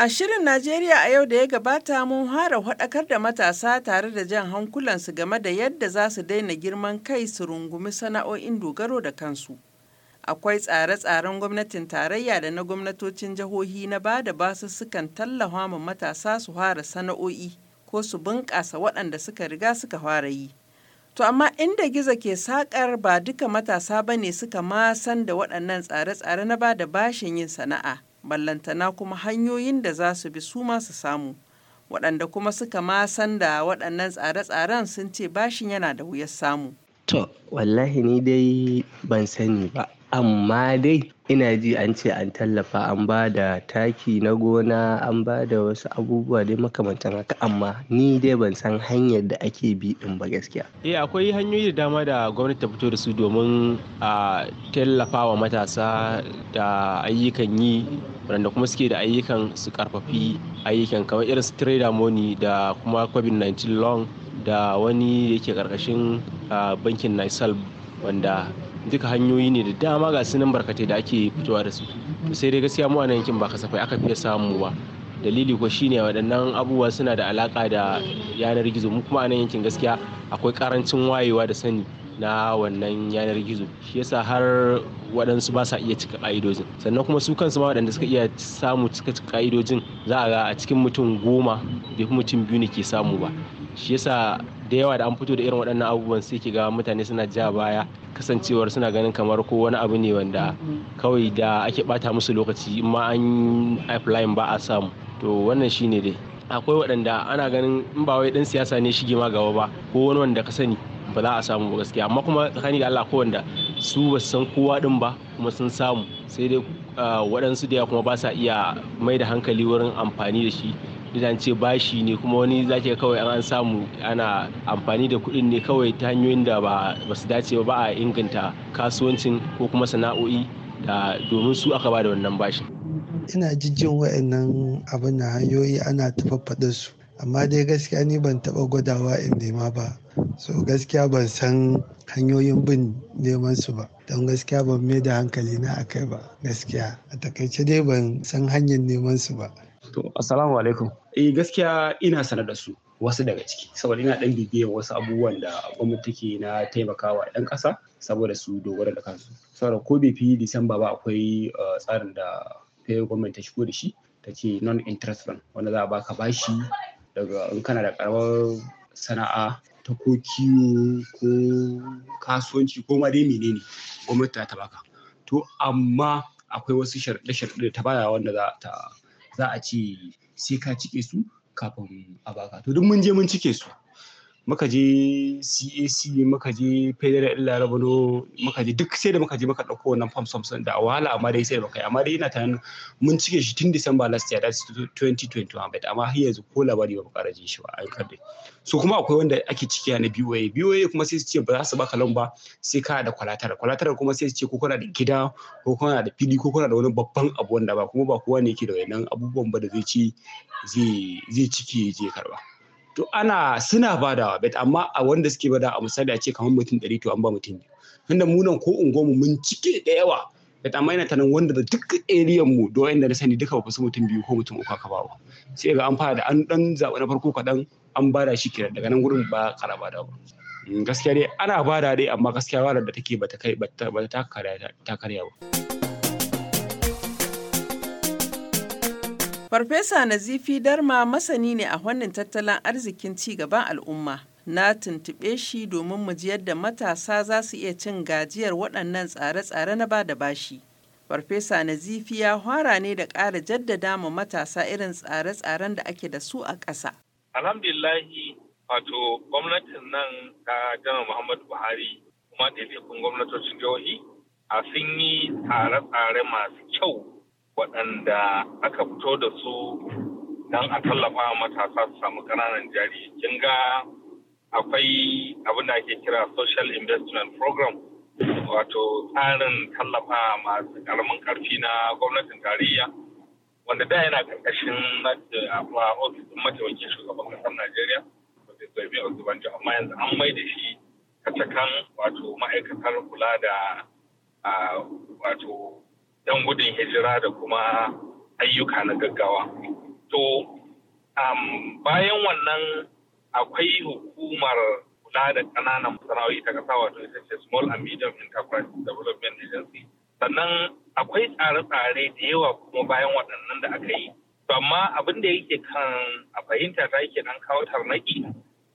A shirin Najeriya a yau da ya gabata mun hara haɗakar da matasa tare da jan hankulansu game da yadda za su daina girman kai su rungumi sana'o'in dogaro da kansu. Akwai tsare-tsaren gwamnatin tarayya da na gwamnatocin jihohi na ba da basussukan tallafa ma matasa su hara sana'o'i ko su bunƙasa waɗanda suka riga suka hara yi. To amma inda giza ke saƙar ba duka matasa ba ne suka ma san da waɗannan tsare-tsare na ba da bashin yin sana'a. ballantana kuma hanyoyin da za su bi su masu samu waɗanda kuma suka ma san da waɗannan tsare-tsaren sun ce bashin yana da wuyar samu. To, wallahi ni dai ban sani ba, amma dai ina ji an ce an tallafa an ba da taki na gona an ba da wasu abubuwa dai makamantan haka amma ni dai ban san hanyar da ake bi din ba gaskiya eh akwai hanyoyi da dama da gwamnati ta fito da su domin a tallafa wa matasa da ayyukan yi waɗanda kuma suke da ayyukan su karfafi ayyukan kamar irin su trader money da kuma covid-19 long da wani yake karkashin bankin nisal wanda duka hanyoyi ne da dama ga sunan barkatai da ake fitowa da su sai dai gaskiya mu a nan yankin ba kasafai aka fiye samu ba dalili ko shine waɗannan abubuwa suna da alaka da yanar gizo mu kuma a nan yankin gaskiya akwai karancin wayewa da sani na wannan yanar gizo shi yasa har waɗansu ba sa iya cika ƙa'idojin sannan kuma su kansu ma waɗanda suka iya samu cika kaidojin ƙa'idojin za a ga a cikin mutum goma bai fi mutum biyu ne ke samu ba shi yasa da yawa da an fito da irin waɗannan abubuwan sai ki ga mutane suna ja baya kasancewar suna ganin kamar ko wani abu ne wanda kawai da ake bata musu lokaci ma an applying ba a samu to wannan shine dai akwai waɗanda ana ganin in ba wai ɗan siyasa ne shige ma gaba ba ko wani wanda ka sani ba za a samu ba gaskiya amma kuma tsakani da Allah ko wanda su ba san kowa din ba kuma sun samu sai dai ah, waɗansu da kuma ba sa iya mai da hankali wurin amfani da shi idan ce bashi ne kuma wani zaki kawai an samu ana amfani da kuɗin ne kawai ta hanyoyin da ba su dace ba a inganta kasuwancin ko kuma sana'o'i da domin su aka ba da wannan bashi. Ina jijjin wa'annan abin na hanyoyi ana tafaffaɗa su amma dai gaskiya ni ban taɓa gwadawa in nema ba so gaskiya ban san hanyoyin bin neman su ba don gaskiya ban mai da hankali na akai ba gaskiya a takaice dai ban san hanyar neman su ba To, assalamu alaikum. Eh gaskiya ina sanar da su wasu daga ciki saboda ina ɗan bibiyan wasu abubuwan da gwamnati ke na taimakawa ɗan ƙasa saboda su dogara da kansu. Saboda ko bai fi Disamba ba akwai eh, tsarin da federal gwamnati ta shigo da shi ta ce non interest fund wanda za a baka bashi daga in kana da karamar sana'a ta ko kiwo ko kasuwanci ko ma dai menene gwamnati ta baka. To amma akwai wasu sharɗe-sharɗe da ta baya wanda za ta za a ce sai ka cike su kafin a baka to duk mun je mun cike su muka je cac muka je federal ɗin rabano muka je duk sai da muka je muka ɗauko wannan fam samson da a wahala amma dai sai da muka yi amma dai ina tunanin mun cike shi tun disamba last year that's 2021 but amma har yanzu ko labari ba mu ƙara jin shi ba an dai so kuma akwai wanda ake ciki na BOA BOA kuma sai su ce ba za su baka loan ba sai ka da kwalatar kwalatar kuma sai su ce ko kana da gida ko kana da fili ko kana da wani babban abu wanda ba kuma ba kowa ne yake da wayannan abubuwan ba da zai ci zai ciki je karba to ana suna badawa bet amma a wanda suke bada a misali a ce kamar mutum ɗari to an ba mutum biyu tunda mu nan ko unguwarmu mun cike da yawa bet amma yana tanan wanda da duk eriyan mu da wanda na sani duka ba su mutum biyu ko mutum uku aka ba sai ga an fara da an dan zaɓi na farko kaɗan an bada shi kira daga nan gurin ba kara bada ba mm, gaskiya dai ana bada dai amma gaskiya wadda da take bata kai bata ta karya ba. Farfesa Nazifi Darma masani ne a wannan tattalin arzikin ci gaban al'umma. Na tuntuɓe shi domin mu ji yadda matasa za su iya cin gajiyar waɗannan tsare-tsare na ba da bashi. Farfesa Nazifi ya fara ne da ƙara jaddada ma matasa irin tsare-tsaren da ake da su a ƙasa. Alhamdulillahi wato gwamnatin nan ta Janar Muhammadu Buhari kuma ɗaiɗaikun gwamnatocin jihohi a sun yi tsare-tsare masu kyau waɗanda aka fito da su don a tallafa matasa su samu ƙananan jari kin ga akwai abin da ake kira social investment program wato tsarin tallafa masu ƙaramin ƙarfi na gwamnatin tarayya wanda da yana ƙarƙashin ofisin mataimakin shugaban ƙasar najeriya professor ibe amma yanzu an mai da shi kacakan wato ma'aikatar kula da wato Don gudun hijira da kuma ayyuka na gaggawa. To, bayan wannan akwai hukumar kula da ƙananan masana'o'i ta ƙasa wato ita ce Small and Medium Enterprise Development Agency. Sannan akwai tsare-tsare da yawa kuma bayan waɗannan da aka yi. To, amma abin da yake kan a fahimta ta yake ɗan kawo tarnaƙi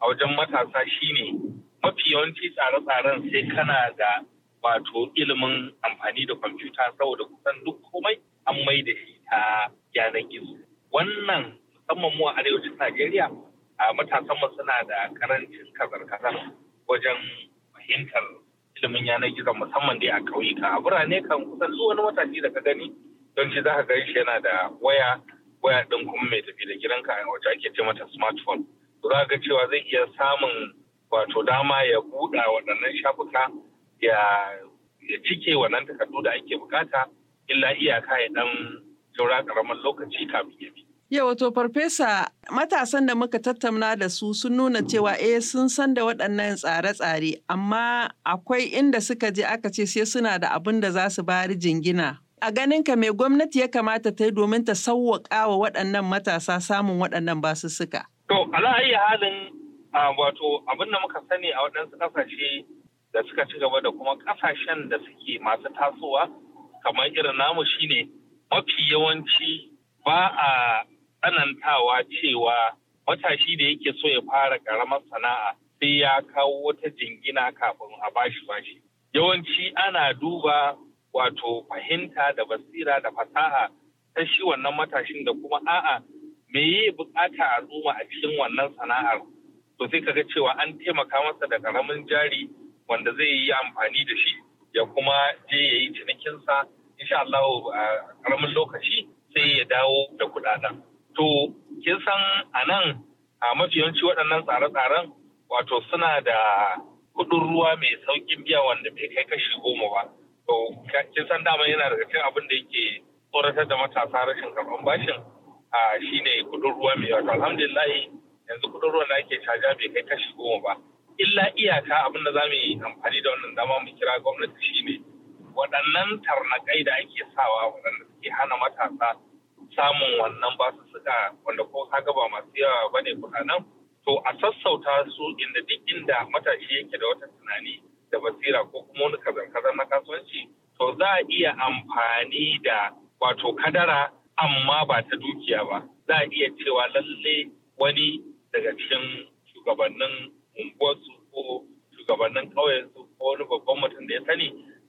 a wajen matasa shine mafi yawanci tsare-tsaren sai kana ga. wato ilimin amfani da kwamfuta saboda kusan duk komai an mai da shi ta yanar gizo wannan musamman mu a arewacin najeriya a matasan mu suna da karancin kazar-kazar wajen fahimtar ilimin yanar gizo musamman dai a ƙauyuka a birane kan kusan duk wani matashi da ka gani don shi za ka gani shi yana da waya waya ɗin kuma mai tafi da gidanka wacce ake ce mata smartphone to za ga cewa zai iya samun wato dama ya buɗa waɗannan shafuka ya cike wannan takardu da ake bukata illa iyaka ya dan saura karamin lokaci kafin ya bi. Yau wato farfesa matasan da muka tattauna da su sun nuna cewa eh sun san da waɗannan tsare-tsare amma akwai inda suka je aka ce sai suna da abin da za su bari jingina. A ganin ka mai gwamnati ya kamata ta yi domin ta sauwaƙa wa waɗannan matasa samun waɗannan basussuka. To, ala halin ah, wato abin da muka sani a waɗansu ƙasashe da suka ci gaba da kuma kasashen da suke masu tasowa kamar irin namu shine mafi yawanci ba a tsanantawa cewa matashi da yake so ya fara karamar sana'a sai ya kawo wata jingina kafin a bashi bashi yawanci ana duba wato fahimta da basira da fasaha ta shi wannan matashin da kuma a'a me ya bukata a zuma a cikin wannan sana'ar to sai kaga cewa an taimaka masa da karamin jari wanda zai yi amfani da shi ya kuma je ya yi cinikinsa insha Allah a karamin lokaci sai ya dawo da kudaden. To kin san a nan a mafi yawanci waɗannan tsare-tsaren wato suna da kuɗin ruwa mai saukin biya wanda bai kai kashi goma ba. To kin san dama yana da cikin abin da yake tsoratar da matasa rashin karɓan bashin a ne kuɗin ruwa mai wato alhamdulillah yanzu kuɗin ruwan da ake caja bai kai kashi goma ba. illa iyaka abin da za mu yi amfani da wannan dama mu kira gwamnati ne waɗannan tarnakai da ake sawa waɗanda suke hana matasa samun wannan ba su suka wanda ko kaga ba masu yawa ba ne kuɗaɗen to a sassauta su inda duk inda matashi yake da wata tunani da basira ko kuma wani kazan-kazan na kasuwanci to za a iya amfani da wato kadara amma ba ta dukiya ba za a iya cewa lalle wani daga cikin shugabannin unguwarsu ko shugabannin ƙauyensu ko wani babban mutum da ya sani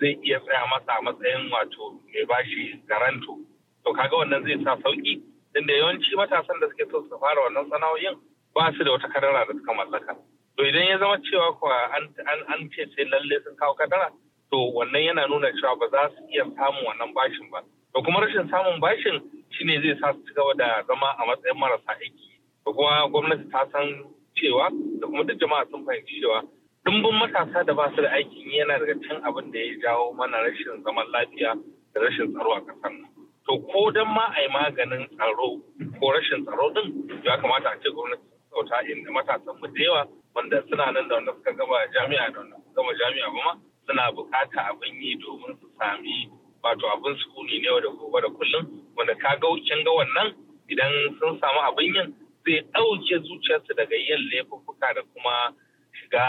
zai iya tsaya masa a matsayin wato mai bashi garanto to kaga wannan zai sa sauki tunda yawanci matasan da suke so su fara wannan sana'o'in ba su da wata kadara da suka mallaka to idan ya zama cewa kuwa an ce sai lalle sun kawo kadara to wannan yana nuna cewa ba za su iya samun wannan bashin ba to kuma rashin samun bashin shine zai sa su ci gaba da zama a matsayin marasa aiki to kuma gwamnati ta san cewa da kuma duk jama'a sun fahimci cewa dimbin matasa da ba su da aikin yana daga can abin da ya jawo mana rashin zaman lafiya da rashin tsaro a ƙasar nan. To ko don ma a yi maganin tsaro ko rashin tsaro din ya kamata a ce gwamnati sauta inda matasan mu da yawa wanda suna nan da wanda suka gama jami'a da wanda suka gama jami'a ba ma suna bukata abin yi domin su sami wato abin sukuni ne da gobe da kullum wanda ka ga wannan idan sun samu abin yin zai ɗauke zuciyarsa daga yin laifuffuka da kuma shiga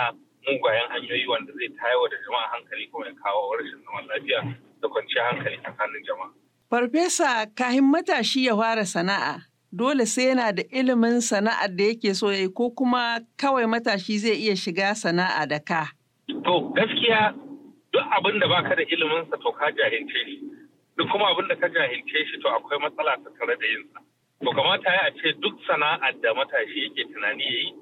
mugayen hanyoyi wanda zai tayawa da jama'a hankali kuma ya kawo rashin zaman lafiya da kwanciyar hankali tsakanin jama'a. Farfesa kahin matashi ya fara sana'a dole sai yana da ilimin sana'ar da yake so ya yi ko kuma kawai matashi zai iya shiga sana'a da ka. To gaskiya duk abin da baka da ilimin sa to ka jahilce shi duk kuma abin da ka jahilce shi to akwai matsala ta tare da yinsa. to kamata ya ce duk sana'ar da matashi yake tunani ya yi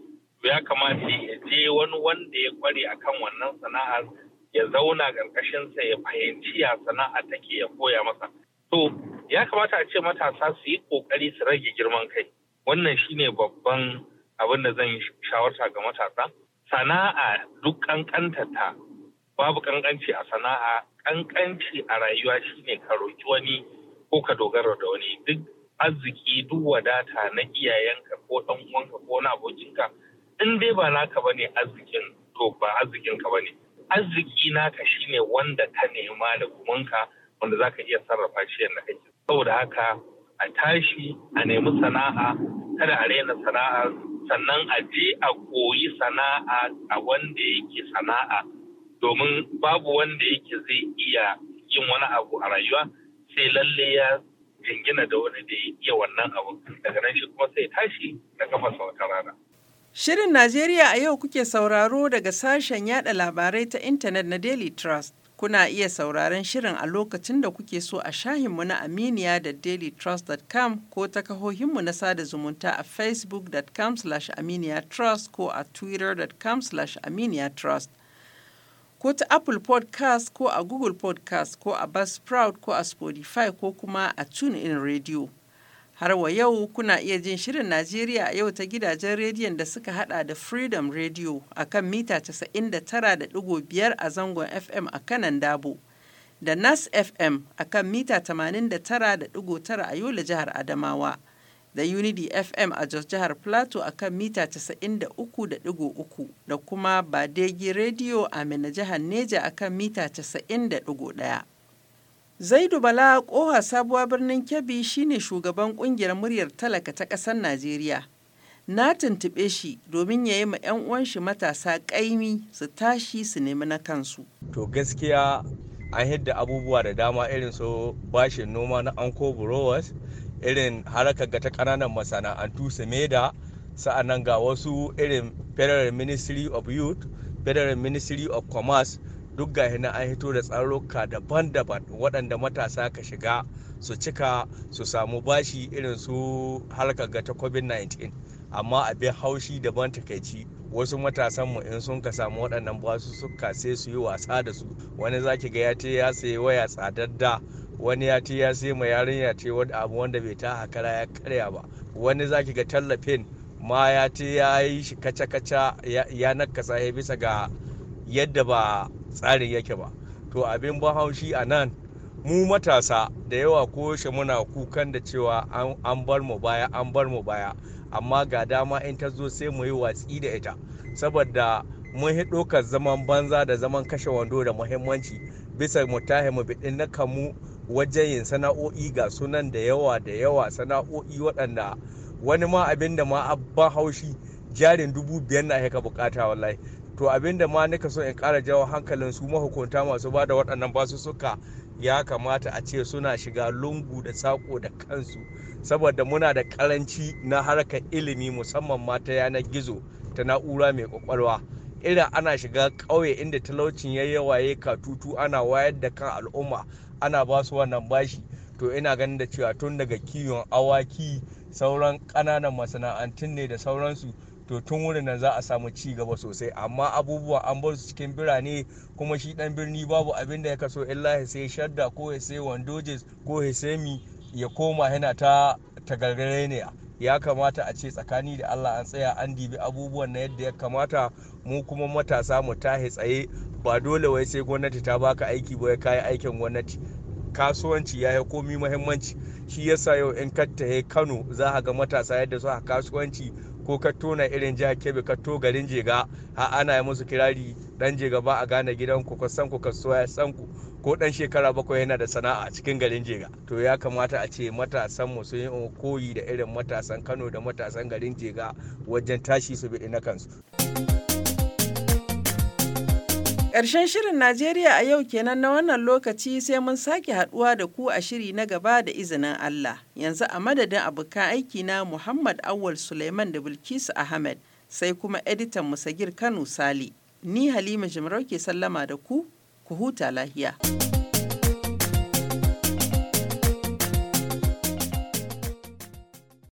ya kamata ya je wani wanda ya kware akan wannan sana'ar ya zauna sa ya fahimci ya sana'a take ya koya masa to ya kamata a ce matasa su yi ƙoƙari su rage girman kai wannan shine babban abin da zan shawarta ga matasa sana'a duk ta, babu ƙanƙanci a sana'a ƙanƙanci a rayuwa shine ka roki wani ko ka dogara da wani duk arziki duk wadata na iyayenka ko ɗan uwanka ko na abokinka in dai ba naka bane arzikin to ba arzikin ka bane arziki naka shine wanda ka nema da gumanka wanda za ka iya sarrafa shi yadda kake saboda haka a tashi a nemi sana'a kada a raina sana'a sannan a je a koyi sana'a a wanda yake sana'a domin babu wanda yake zai iya yin wani abu a rayuwa sai lalle ya jingina da wani da iya wannan abu daga nan shi kuma sai tashi da kafa wata rana. Shirin Najeriya a yau kuke sauraro daga sashen yada labarai ta intanet na Daily Trust. Kuna iya sauraron shirin a lokacin da kuke so a shahinmu na Aminiya da dailytrust.com ko ta kahohinmu na sada zumunta a facebook.com/aminiya trust ko a twitter.com/aminiya trust. ko ta Apple podcast ko a Google podcast ko a Buzzsprout ko a Spotify ko kuma a TuneIn Radio. Har wa yau kuna iya jin shirin Najeriya a yau ta gidajen rediyon da suka hada da Freedom Radio a kan mita 99.5 a zangon FM a kanan Dabo. Da Nas FM a kan mita 89.9 a Yola jihar Adamawa. da Unity FM a Jos Jihar Plateau a kan mita 93.3 da kuma Badegi Radio a Mina Jihar Neja a kan mita 90.1. Zaidu Bala Koha sabuwa birnin Kebbi shine shugaban ƙungiyar muryar talaka ta ƙasar Najeriya. Na tuntuɓe shi domin ya yi ma 'yan uwan shi matasa ƙaimi su tashi su nemi na kansu. To gaskiya an hidda abubuwa da dama irin su bashin noma na anko brewers irin harakar ga ta kananan masana'antu semeda sa'annan ga wasu irin federal ministry of youth federal ministry of commerce duk ga hina an hito da tsaruka daban-daban waɗanda matasa ka shiga su cika su samu bashi irin su harkar ga ta covid-19 amma abin haushi daban takaici wasu matasanmu in sun ka samu waɗannan suka sai su yi wasa da su wani zaki ga ya ce ya sayi waya tsadadda wani ya ce ya sayi ma yarinya ce abu wanda bai ta hakara ya karya ba wani zaki ga tallafin ma ya ce ya yi shi kaca-kaca ya nakasa ya bisa ga yadda ba tsarin yake ba to abin bahaushi a nan mu matasa da yawa ko muna kukan da cewa an bar mu baya an bar mu baya amma ga dama in ta zo sai mu yi watsi da ita saboda mun hi ɗaukar zaman banza da zaman kashe wando da muhimmanci bisa mu tahe mu biɗin na kamu wajen yin sana'o'i ga sunan da yawa da yawa sana'o'i waɗanda wani ma abin da ma abban haushi jarin dubu biyar na ka bukata wallahi to abin da ma nika so in kara jawo hankalin su mahukunta masu ba da waɗannan basussuka ya kamata a ce suna shiga lungu da saƙo da kansu saboda muna da karanci na harkar ilimi musamman ma ta yanar gizo ta na'ura mai kwakwalwa irin ana shiga ƙauye inda talaucin ya yawaye katutu ana wayar da kan al'umma ana ba su wannan bashi to ina ganin da cewa tun daga kiwon awaki sauran ƙananan masana'antun ne da sauransu to tun wurin nan za a samu ci gaba sosai amma abubuwa an bar su cikin birane kuma shi dan birni babu abin da ya kaso illa ya sai shadda ko ya sai wandojes ko sai mi ya koma yana ta tagargare ne ya kamata a ce tsakani da allah an tsaya an dibi abubuwan na yadda ya kamata mu kuma matasa mu tahi tsaye ba dole wai sai gwamnati ta baka aiki ba ya kayi aikin gwamnati kasuwanci ya yi komi muhimmanci shi yasa yau in katta ya kano za a ga matasa yadda su a kasuwanci ko ka tona irin jihar kebe ka to garin jega a ana yi musu kirari dan je gaba a gane gidanku ku san ku kasuwa ya san ko dan shekara bakwai yana da sana'a cikin garin jega to ya kamata a ce matasan mu sun yi koyi da irin matasan Kano da matasan garin jega wajen tashi su bi na kansu Ƙarshen shirin Najeriya a yau kenan na wannan lokaci sai mun sake haɗuwa da ku a shiri na gaba da izinin Allah. Yanzu a madadin abokan aiki na Muhammad Awal Suleiman da Bilkisu Ahmed sai kuma editan Musagir Kano Sali. Ni Halima Jimarau ke sallama da ku, ku huta lahiya.